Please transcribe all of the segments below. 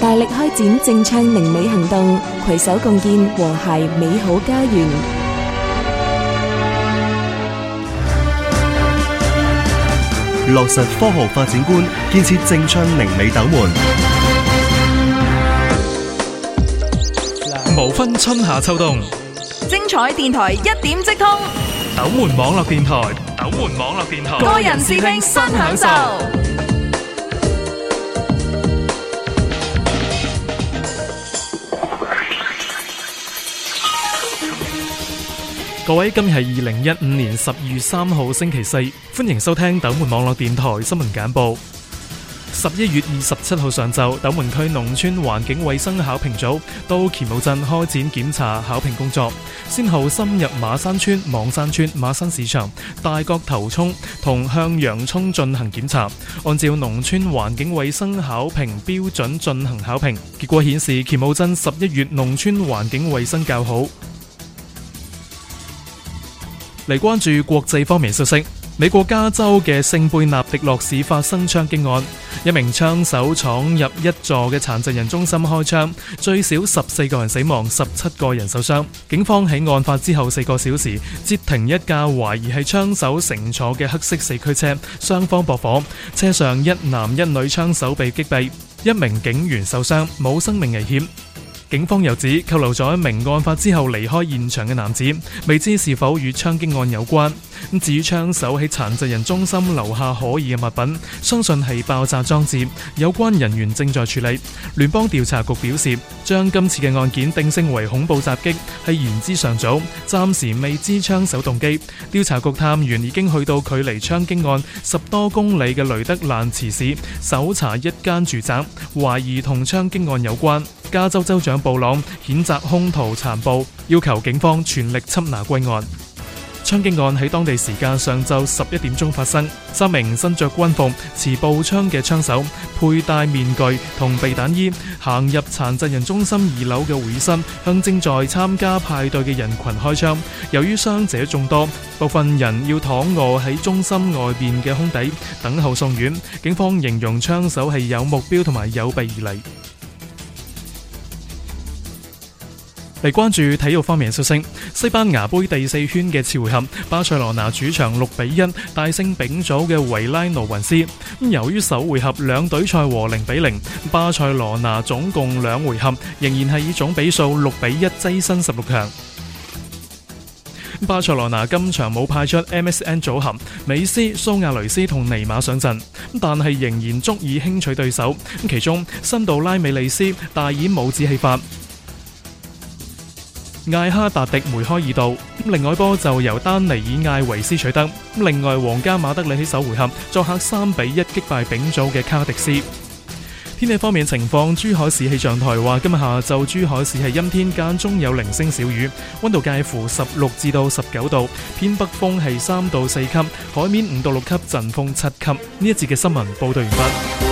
大力開展正暢寧美行動，攜手共建和諧美好家園。落實科學發展觀，建設正暢寧美斗門，無分春夏秋冬。精彩電台一點即通，斗門網絡電台，斗門網絡電台，個人視聽新享受。各位，今日係二零一五年十二月三號星期四，歡迎收聽斗門網絡電台新聞簡報。十一月二十七號上晝，斗門區農村環境衛生考評組到乾務鎮開展檢查考評工作，先後深入馬山村、網山村、馬新市場、大角頭涌同向陽涌進行檢查，按照農村環境衛生考評標準進行考評，結果顯示乾務鎮十一月農村環境衛生較好。嚟關注國際方面消息，美國加州嘅聖貝納迪諾市發生槍擊案，一名槍手闖入一座嘅殘疾人中心開槍，最少十四個人死亡，十七個人受傷。警方喺案發之後四個小時截停一架懷疑係槍手乘坐嘅黑色四驅車，雙方搏火，車上一男一女槍手被擊斃，一名警員受傷，冇生命危險。警方又指扣留咗一名案發之後離開現場嘅男子，未知是否與槍擊案有關。至於槍手喺殘疾人中心留下可疑嘅物品，相信係爆炸裝置。有關人員正在處理。聯邦調查局表示，將今次嘅案件定性為恐怖襲擊，係言之尚早，暫時未知槍手動機。調查局探員已經去到距離槍擊案十多公里嘅雷德蘭茨市，搜查一間住宅，懷疑同槍擊案有關。加州州長布朗譴責凶徒殘暴，要求警方全力緝拿歸案。槍擊案喺當地時間上晝十一點鐘發生，三名身着軍服、持步槍嘅槍手佩戴面具同避彈衣，行入殘疾人中心二樓嘅會議室，向正在參加派對嘅人群開槍。由於傷者眾多，部分人要躺臥喺中心外邊嘅空地等候送院。警方形容槍手係有目標同埋有備而嚟。.嚟關注體育方面嘅消息，西班牙杯第四圈嘅次回合，巴塞羅那主場六比一大勝丙組嘅維拉諾雲斯。咁由於首回合兩隊賽和零比零，巴塞羅那總共兩回合仍然係以總比數六比一躋身十六強。巴塞羅那今場冇派出 MSN 組合，美斯、蘇亞雷斯同尼馬上陣，但係仍然足以輕取對手。咁其中，新道拉美利斯大演帽子戲法。艾哈達迪梅開二度，咁另外一波就由丹尼爾艾維斯取得。另外皇家馬德里喺首回合作客三比一擊敗丙組嘅卡迪斯。天氣方面情況，珠海市氣象台話今日下晝珠海市係陰天間中有零星小雨，溫度介乎十六至到十九度，偏北風係三到四級，海面五到六級陣風七級。呢一節嘅新聞報道完畢。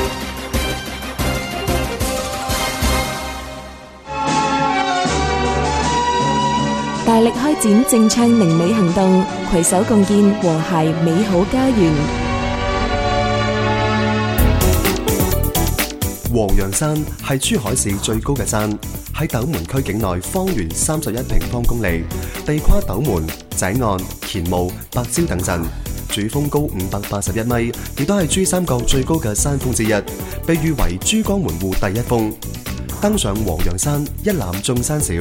大力開展淨暢寧美行動，攜手共建和諧美好家園。黃楊山係珠海市最高嘅山，喺斗門區境內，方圓三十一平方公里，地跨斗門、井岸、乾務、白蕉等鎮。主峰高五百八十一米，亦都係珠三角最高嘅山峰之一，被譽為珠江門戶第一峰。登上黃楊山，一覽眾山小。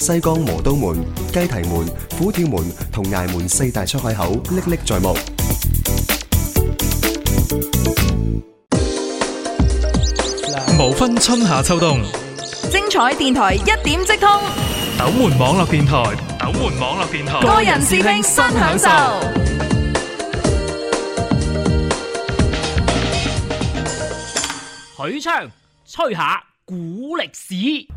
西江磨刀門、雞啼門、虎跳門同崖門四大出海口歷歷在目，無分春夏秋冬。精彩電台一點即通，斗門網絡電台，斗門網絡電台，個人視聽新享受。許昌吹下古歷史。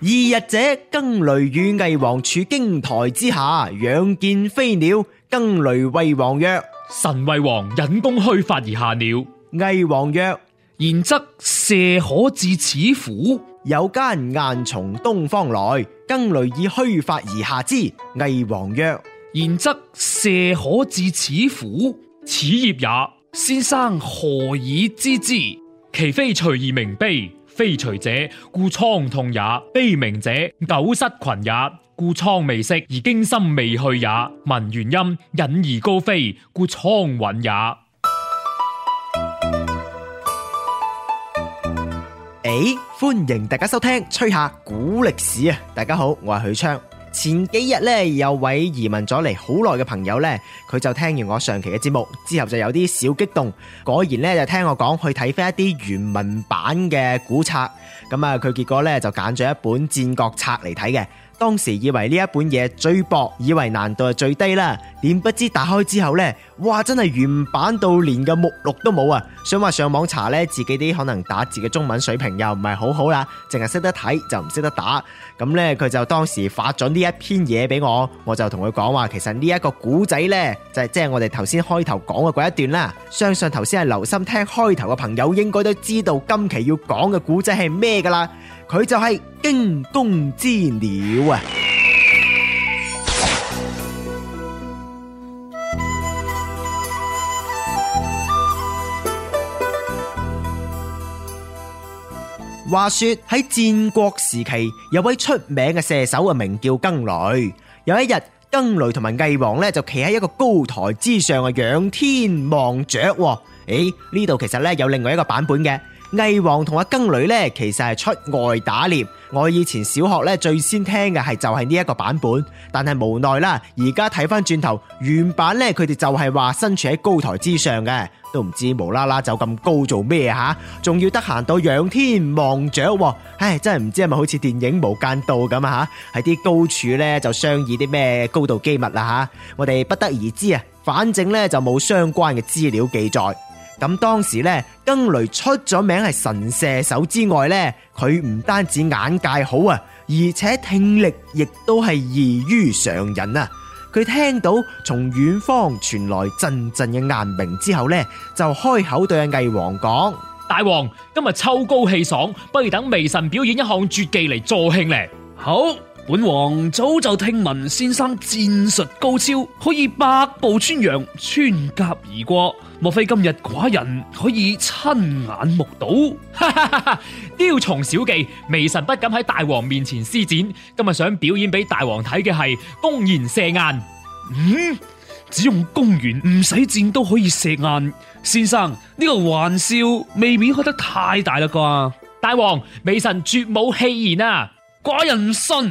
二日者，更雷與魏王處京台之下，仰見飛鳥。更雷謂魏王曰：臣為王引弓虛發而下鳥。魏王曰：然則射可至此乎？有間雁從東方來，更雷以虛發而下之。魏王曰：然則射可至此乎？此業也。先生何以知之？其非隨而鳴悲。非隨者，故瘡痛也；悲鳴者，久失群也，故瘡未息而驚心未去也。聞原音，引而高飛，故瘡云也。誒、欸，歡迎大家收聽《吹下古歷史》啊！大家好，我係許昌。前幾日咧，有位移民咗嚟好耐嘅朋友咧，佢就聽完我上期嘅節目之後，就有啲小激動。果然咧，就聽我講去睇返一啲原文版嘅古策。咁啊，佢結果咧就揀咗一本戰國策嚟睇嘅。當時以為呢一本嘢，最薄，以為難度係最低啦。點不知打開之後呢，哇！真係原版到連個目錄都冇啊！想話上網查呢，自己啲可能打字嘅中文水平又唔係好好啦，淨係識得睇就唔識得打。咁呢，佢就當時發咗呢一篇嘢俾我，我就同佢講話，其實呢一個古仔呢，就係即係我哋頭先開頭講嘅嗰一段啦。相信頭先係留心聽開頭嘅朋友應該都知道今期要講嘅古仔係咩噶啦。佢就係驚弓之鳥啊！話說喺戰國時期，有位出名嘅射手啊，名叫更雷。有一日，更雷同埋魏王咧，就企喺一個高台之上啊，仰天望著。誒、欸，呢度其實咧有另外一個版本嘅。魏王同阿更女咧，其實係出外打獵。我以前小學咧最先聽嘅係就係呢一個版本，但係無奈啦，而家睇翻轉頭原版咧，佢哋就係話身處喺高台之上嘅，都唔知無啦啦走咁高做咩吓，仲要得閒到仰天望著，唉，真係唔知係咪好似電影《無間道》咁啊吓，喺啲高處咧就商議啲咩高度機密啦吓，我哋不得而知啊，反正咧就冇相關嘅資料記載。咁當時咧，更雷出咗名係神射手之外咧，佢唔單止眼界好啊，而且聽力亦都係異於常人啊！佢聽到從遠方傳來陣陣嘅雁鳴之後咧，就開口對阿魏王講：大王，今日秋高氣爽，不如等微臣表演一項絕技嚟助興咧。好。本王早就聽聞先生戰術高超，可以百步穿楊、穿甲而過。莫非今日寡人可以親眼目睹？ 雕蟲小技，微臣不敢喺大王面前施展。今日想表演俾大王睇嘅係弓弦射雁。嗯，只用弓弦唔使箭都可以射雁。先生呢個玩笑未免開得太大啦啩？大王，微臣絕冇戲言啊！寡人信。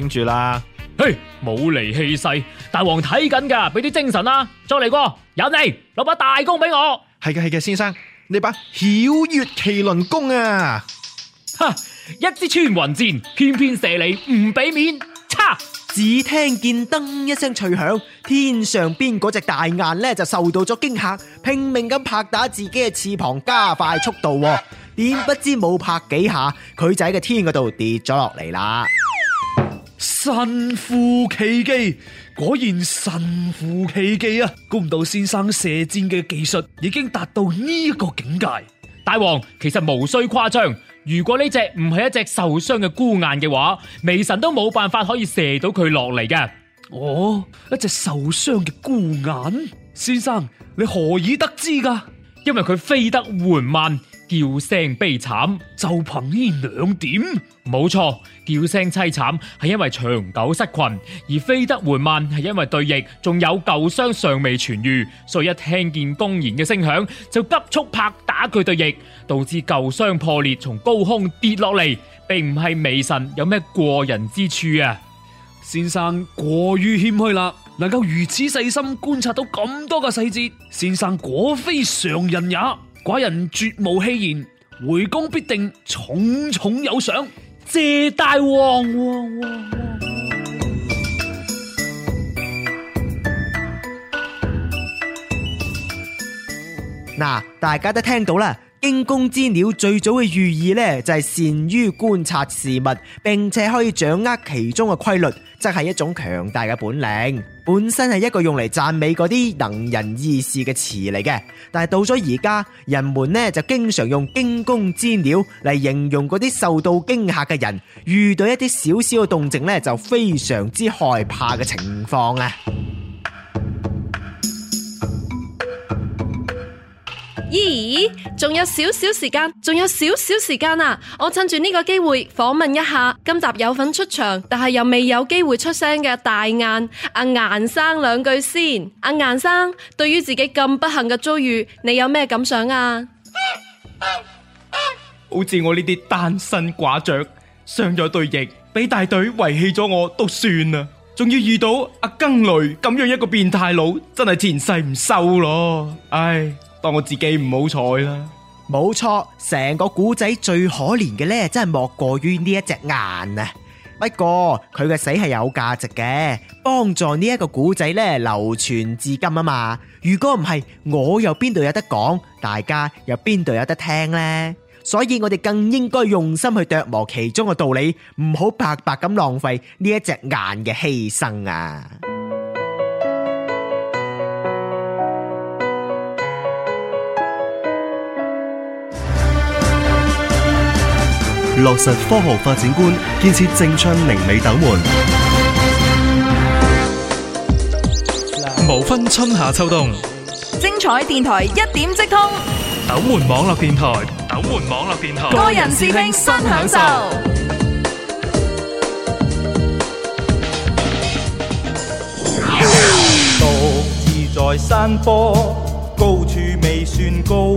頂住啦！嘿，冇離氣勢，大王睇緊噶，俾啲精神啦，啊，再嚟過，有你攞把大弓俾我，係嘅係嘅，先生，你把曉月麒麟弓啊！哈， 一支穿雲箭，偏偏射你唔俾面，擦！只聽見噔一聲脆響，天上邊嗰隻大雁咧就受到咗驚嚇，拼命咁拍打自己嘅翅膀，加快速度，點不知冇拍幾下，佢就喺個天嗰度跌咗落嚟啦。神乎其技，果然神乎其技啊！估唔到先生射箭嘅技術已經達到呢個境界。大王，其實無需誇張，如果呢隻唔係一隻受傷嘅孤雁嘅話，微臣都冇辦法可以射到佢落嚟嘅。哦，一隻受傷嘅孤雁，先生你何以得知噶？因為佢飛得緩慢。叫聲悲慘，就憑呢兩點？冇錯，叫聲淒慘係因為長久失群，而飛得緩慢係因為對翼仲有舊傷尚未痊愈，所以一聽見公然嘅聲響就急速拍打佢對翼，導致舊傷破裂，從高空跌落嚟，並唔係微臣有咩過人之處啊！先生過於謙虛啦，能夠如此細心觀察到咁多個細節，先生果非常人也。寡人絕無戲言，回宮必定重重有賞。謝大王！嗱， 大家都聽到啦。驚弓之鳥最早嘅寓意呢，就係善於觀察事物，並且可以掌握其中嘅規律，即係一種強大嘅本領。本身係一個用嚟讚美嗰啲能人異士嘅詞嚟嘅，但係到咗而家，人們呢就經常用驚弓之鳥嚟形容嗰啲受到驚嚇嘅人，遇到一啲小小嘅動靜呢，就非常之害怕嘅情況啊。咦？仲有少少時間，仲有少少時間啊！我趁住呢個機會訪問一下今集有份出場，但係又未有機會出聲嘅大雁。阿雁生兩句先。阿雁生，對於自己咁不幸嘅遭遇，你有咩感想啊？好似我呢啲單身寡著，傷咗對翼，俾大隊遺棄咗我都算啦，仲要遇到阿更雷咁樣一個變態佬，真係前世唔修咯，唉。我自己唔好彩啦，冇錯，成個古仔最可憐嘅呢，真係莫過於呢一隻眼啊！不過佢嘅死係有價值嘅，幫助呢一個古仔呢，流傳至今啊嘛。如果唔係，我又邊度有得講，大家又邊度有得聽呢？所以我哋更應該用心去琢磨其中嘅道理，唔好白白咁浪費呢一隻眼嘅犧牲啊！落實科學發展觀，建設正昌寧美斗門，無分春夏秋冬。精彩電台一點即通，斗門網絡電台，斗門網絡電台，個人視聽新享受。獨自在山坡，高處未算高。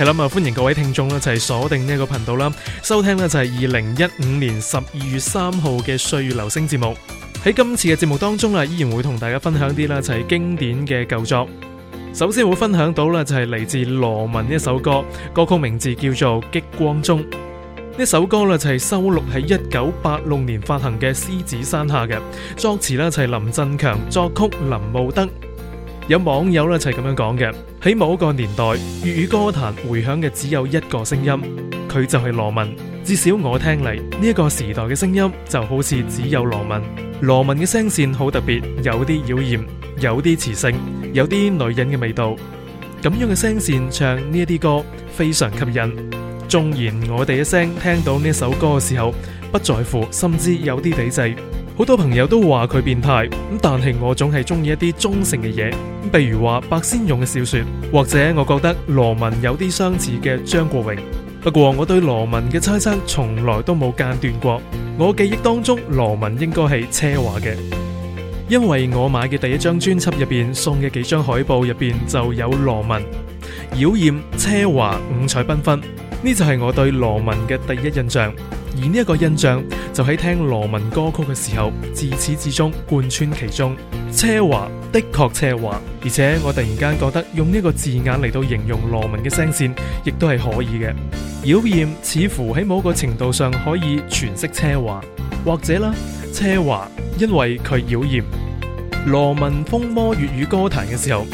係啦，咁啊，歡迎各位聽眾啦，就係鎖定呢一個頻道啦，收聽咧就係二零一五年十二月三號嘅《歲月留聲》節目。喺今次嘅節目當中啦，依然會同大家分享啲啦，就係經典嘅舊作。首先會分享到啦，就係嚟自羅文一首歌，歌曲名字叫做《激光中》。呢首歌啦就係收錄喺一九八六年發行嘅《獅子山下》嘅，作詞啦就係林振強，作曲林慕德。有網友咧就係咁樣講嘅，喺某一個年代粵語歌壇回響嘅只有一個聲音，佢就係羅文。至少我聽嚟呢一個時代嘅聲音就好似只有羅文。羅文嘅聲線好特別，有啲妖豔，有啲磁性，有啲女人嘅味道。咁樣嘅聲線唱呢一啲歌非常吸引。縱然我哋一聲聽到呢一首歌嘅時候，不在乎，甚至有啲抵制。好多朋友都話佢變態咁，但係我總係中意一啲中性嘅嘢，譬如話白先勇嘅小說，或者我覺得羅文有啲相似嘅張國榮。不過我對羅文嘅猜測從來都冇間斷過，我記憶當中羅文應該係奢華嘅，因為我買嘅第一張專輯入邊送嘅幾張海報入邊就有羅文，妖艷奢華五彩繽紛。呢就係我對羅文嘅第一印象，而呢一個印象就喺聽羅文歌曲嘅時候，自始至終貫穿其中。奢華的確奢華，而且我突然間覺得用呢個字眼嚟到形容羅文嘅聲線，亦都係可以嘅。妖艷似乎喺某個程度上可以詮釋奢華，或者啦，奢華因為佢妖艷。羅文風魔粵語歌壇嘅時候，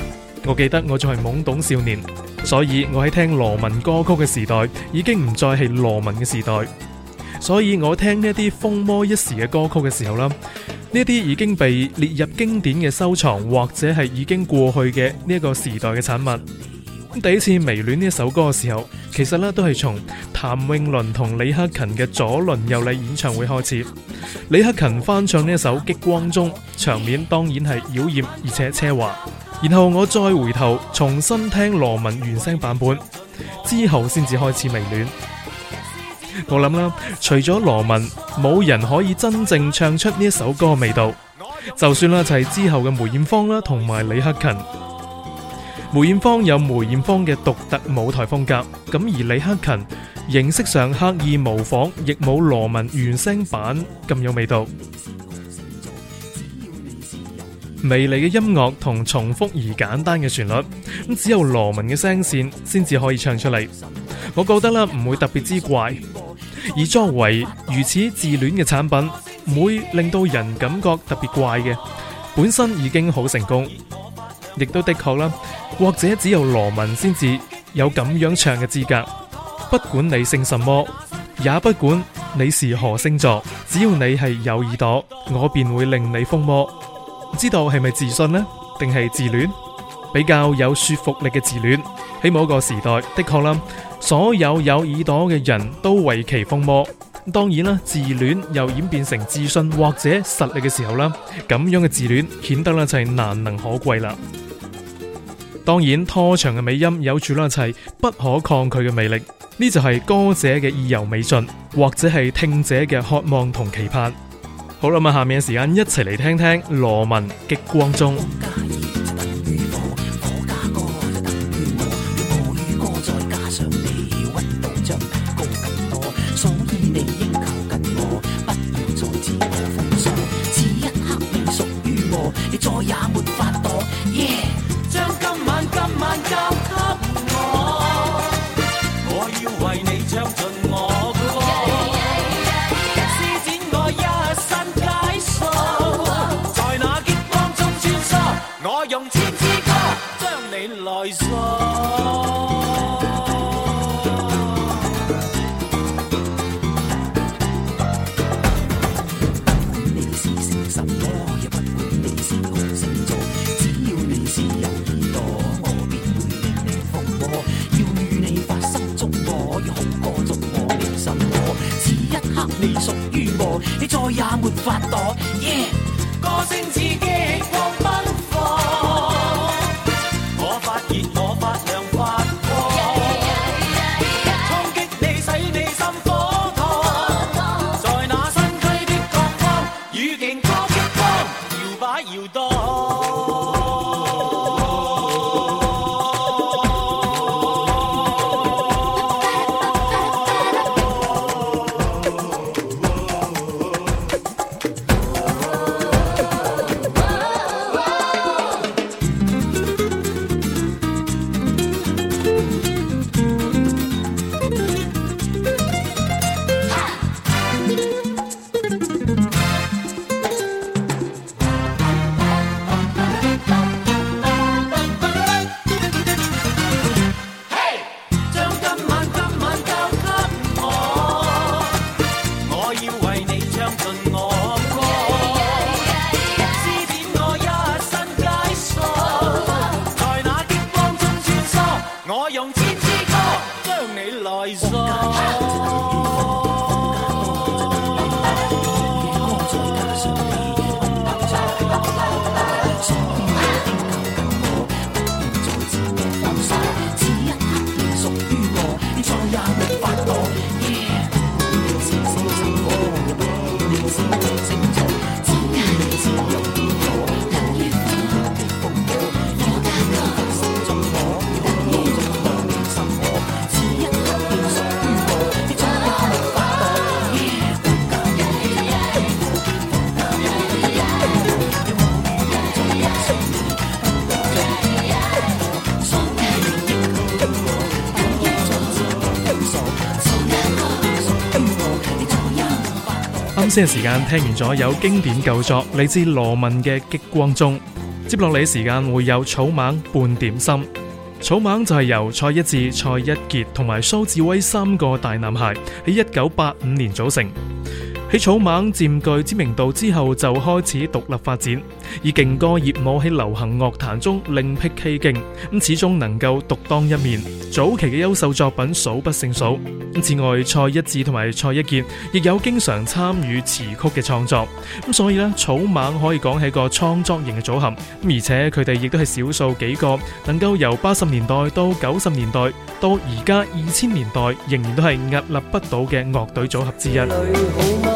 我記得我仲係懵懂少年。所以我喺聽羅文歌曲嘅時代，已經唔再係羅文嘅時代。所以我聽呢啲風魔一時嘅歌曲嘅時候啦，呢啲已經被列入經典嘅收藏，或者係已經過去嘅呢一個時代嘅產物。第一次迷戀呢首歌嘅時候，其實呢都係從譚詠麟同李克勤嘅左麟右李演唱會開始。李克勤翻唱呢一首《激光中》，場面當然係妖艷而且奢華。然後我再回頭重新聽羅文原聲版本，之後先至開始微戀。我諗啦，除咗羅文，冇人可以真正唱出呢一首歌嘅味道。就算啦，就係之後嘅梅艷芳啦，同埋李克勤。梅艷芳有梅艷芳嘅獨特舞台風格，咁而李克勤形式上刻意模仿，亦冇羅文原聲版咁有味道。美麗嘅音樂同重複而簡單嘅旋律，咁只有羅文嘅聲線先至可以唱出嚟。我覺得啦，唔會特別之怪。而作為如此自戀嘅產品，唔會令到人感覺特別怪嘅，本身已經好成功，亦都的確啦。或者只有羅文先至有咁樣唱嘅資格。不管你姓什麼，也不管你是何星座，只要你係有耳朵，我便會令你瘋魔。不知道係咪自信呢？定係自戀？比較有說服力嘅自戀。喺某一個時代，的確啦，所有有耳朵嘅人都為其瘋魔。當然啦，自戀又演變成自信或者實力嘅時候啦，咁樣嘅自戀顯得呢，就係難能可貴啦。當然，拖長嘅尾音有住啦一齊不可抗拒嘅魅力，呢就係歌者嘅意猶未盡，或者係聽者嘅渴望同期盼。好啦，咁啊，下面嘅時間一齊嚟聽聽羅文《激光中》。你屬於我，你再也沒法躲。耶、yeah!，歌聲似激光。呢段時間聽完咗有經典舊作，嚟自羅文嘅《激光中》。接落嚟嘅時間會有草蜢《半點心》。草蜢就係由蔡一智、蔡一傑同埋蘇志威三個大男孩喺一九八五年組成。喺草蜢佔據知名度之後，就開始獨立發展，以勁歌熱舞喺流行樂壇中另辟蹊徑，咁始終能夠獨當一面。早期嘅優秀作品數不勝數。咁此外，蔡一智同埋蔡一傑亦有經常參與詞曲嘅創作。咁所以呢，草蜢可以講係個創作型嘅組合，而且佢哋亦都係少數幾個能夠由八十年代到九十年代到而家二千年代仍然都係屹立不倒嘅樂隊組合之一。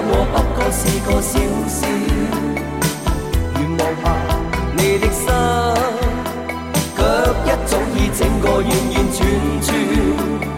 我不過是個小小願望吧，你的心卻一早已整個完完全全。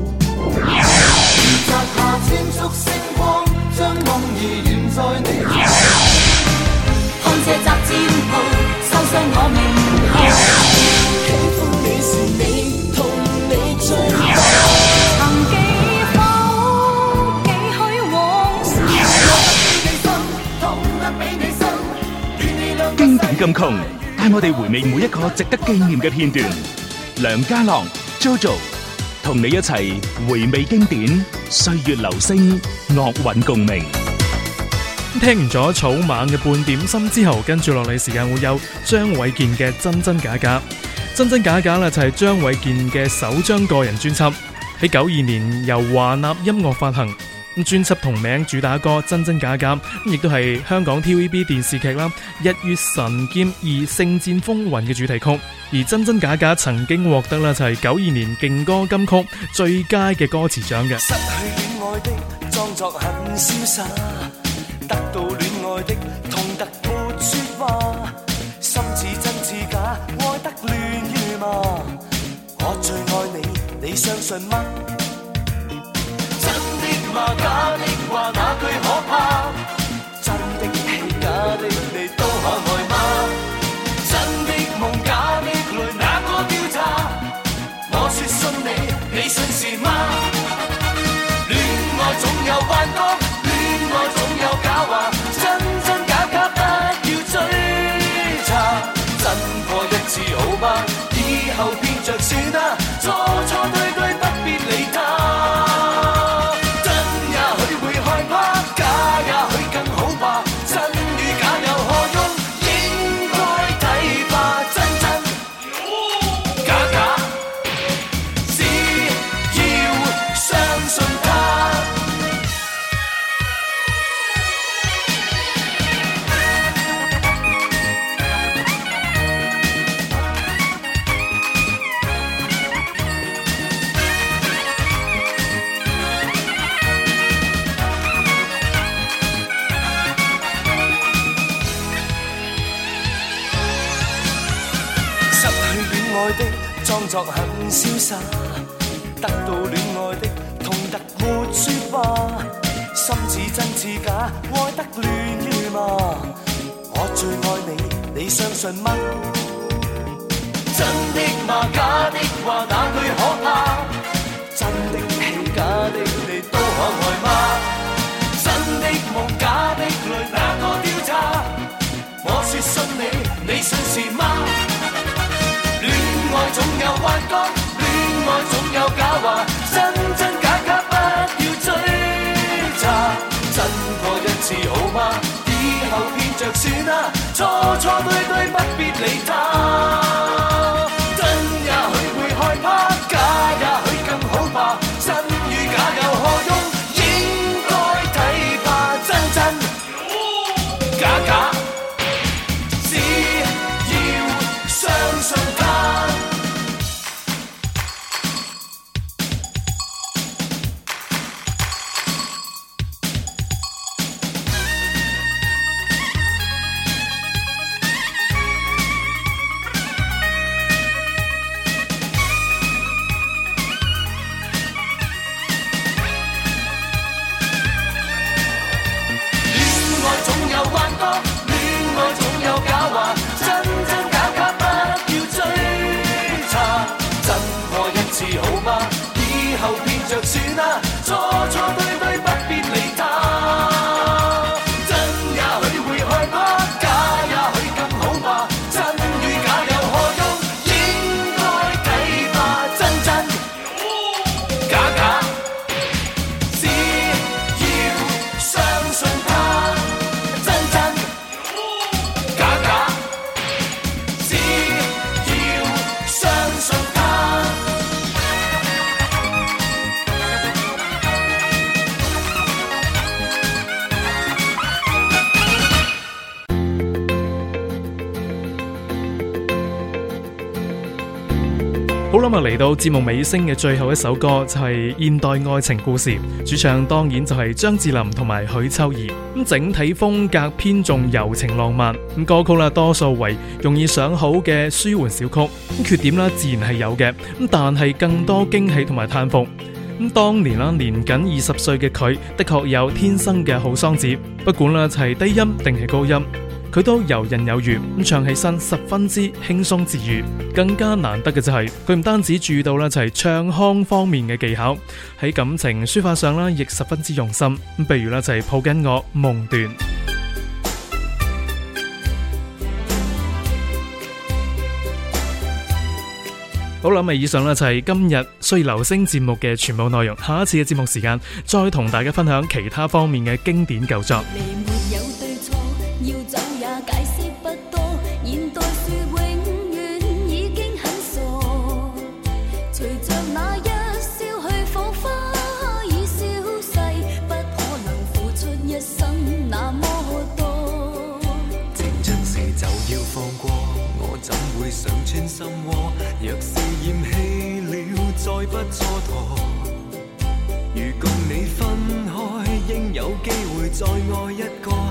咁窮，帶我哋回味每一個值得紀念嘅片段。梁家樂 Jojo 同你一齊回味經典，歲月留聲，樂韻共鳴。咁聽完咗草蜢嘅半點心之後，跟住落嚟時間會有張衛健嘅真真假假。真真假假呢，就係張衛健嘅首張個人專輯，喺九二年由華納音樂發行。咁專輯同名主打歌《真真假假》，亦都係香港 TVB 電視劇啦《日月神劍二聖戰風雲》嘅主題曲。而《真真假假》曾經獲得啦就係九二年勁歌金曲最佳嘅歌詞獎嘅。失去戀愛的裝作很瀟灑，得到戀愛的痛得沒說話，心似真似假，愛得亂如麻，我最愛你，你相信嗎？假的話，哪句可怕？ 真的假的你，都可愛。得亂語嗎？我最愛你，你相信嗎？真的嗎？假的話哪句可怕？真的戲假的你都可愛嗎？真的夢假的淚哪個調查？我説信你，你信是嗎？戀愛總有幻覺，戀愛總有假話。錯錯對對，不必理他。節目尾聲嘅最後一首歌就係現代愛情故事，主唱當然就係張智霖同埋許秋怡。咁整體風格偏重柔情浪漫，咁歌曲啦多數為容易上好嘅舒緩小曲。咁缺點啦自然係有嘅，咁但係更多驚喜同埋嘆服。咁當年啦，年僅二十歲嘅佢的確有天生嘅好嗓子，不管啦，就係低音定係高音。佢都游刃有餘，咁唱起身十分之輕鬆自如，更加難得嘅就係佢唔單止注意到啦，就係、是、唱腔方面嘅技巧，喺感情抒發上呢亦十分之用心。咁，例如呢，就係、是、抱緊我夢斷。 好啦，咁以上呢就係、是、今日歲月留聲節目嘅全部內容。下一次嘅節目時間再同大家分享其他方面嘅經典舊作。心窩，若是厭棄了，再不蹉跎。如共你分開，應有機會再愛一個。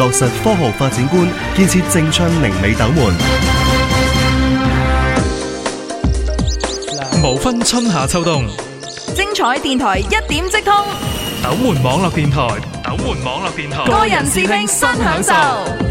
落實科學發展觀，建設正春寧美斗門。無分春夏秋冬，精彩電台一點即通。斗門網絡電台，斗門網絡電台，個人視聽新享受。